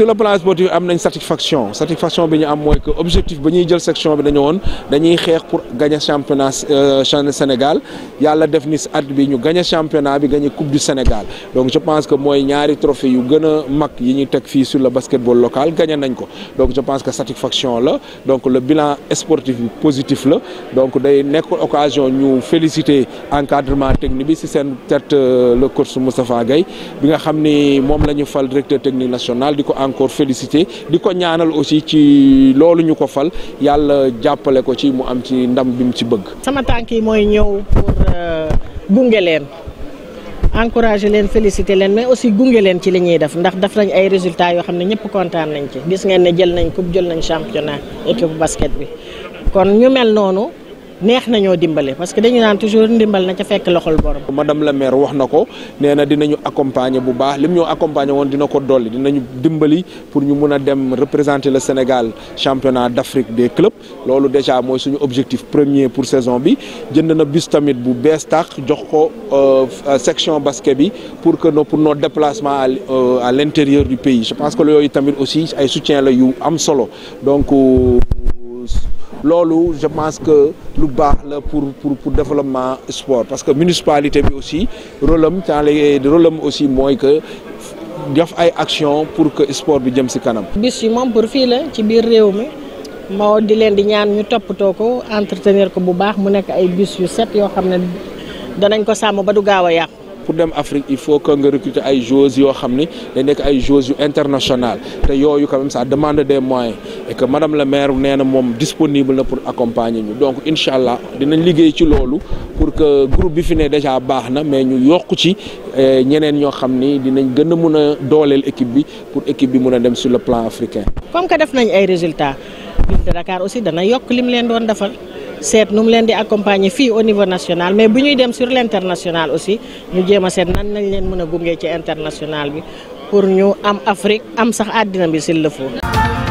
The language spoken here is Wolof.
sur le plan sportif y a satisfaction satisfaction La satisfaction am que objectif de la section bi dañu gagner dañuy championnat pour gagner championnat euh, Sénégal yàlla def ni at bi ñu gagner championnat bi gagner coupe du Sénégal donc je pense que mooy ñaari trophée yu gën a yi sur le basketball local gagner nañ donc je pense que satisfaction là, donc le bilan sportif positif la donc day une occasion ñu féliciter encadrement technique si c'est seen tête euh, le coach Moustapha Gaye, bi nga xam ni directeur technique national di ko encore félicité di ko ñaanal aussi ci loolu ñu ko fal yàlla jàppale ko ci mu am ci ndam bi mu ci bëgg. sama tànk yi mooy ñëw pour euh, gunge leen encourager leen féliciter leen mais aussi gunge leen ci li ñuy def ndax def nañ ay résultats yoo xam ne ñëpp kontaan nañ ci gis ngeen ne jël nañ coupe jël nañ championnat équipe basket bi kon ñu mel noonu. neex nañoo dimbale parce que dañu naan toujours ndimbal na ca fekk loxol borom. madame la maire wax na ko nee na dinañu accompagner bu baax lim ñoo accompagner woon dina ko dolli dinañu dimbali pour ñu mun a dem représenter le Sénégal championnat d' Afrique des clubs loolu déjà mooy suñu objectif premier pour saison bi jënd na bus tamit bu bees tàq jox ko euh, section basket bi pour que no pour nos déplacements à l' euh, intérieur du pays je pense que yooyu tamit aussi ay soutien la yu am solo donc. Euh, lolu je pense que lu bax la pour pour pour développement sport parce que municipalité bi aussi rôle am dans les rôle am aussi moy que def ay action pour que sport bi jëm ci kanam. bis yi mom pour fi la ci biir rew mi moo di len di ñaan ñu toppatoo ko entretenir ko bu bax mu nek ay bis yu set yo xamne ne danañ ko sam ba du gawa a pour dem Afrique il faut que nga recruter ay joueurs yo xamne day nekk ay joueurs yu international te yoyu quand même ça demande des moyens. et que madame la maire nee na moom disponible na pour accompagner ñu donc incha allah dinañ liggéey ci loolu pour que groupe bi fi ne déjà baax na mais ñu yokk ci eh, ñeneen ñoo xam ni dinañ gën a mun a dooleel équipe bi pour équipe bi mun a dem sur le plan africain. comme que def nañ ay résultat ville aussi dana yokk lim leen doon defal. seet nu mu leen di accompagner fii au niveau national mais bu ñuy dem sur l'international aussi ñu jéem a seet nan lañ leen mën a gunge ci international bi pour ñu am Afrique am sax àddina bi s'il le faut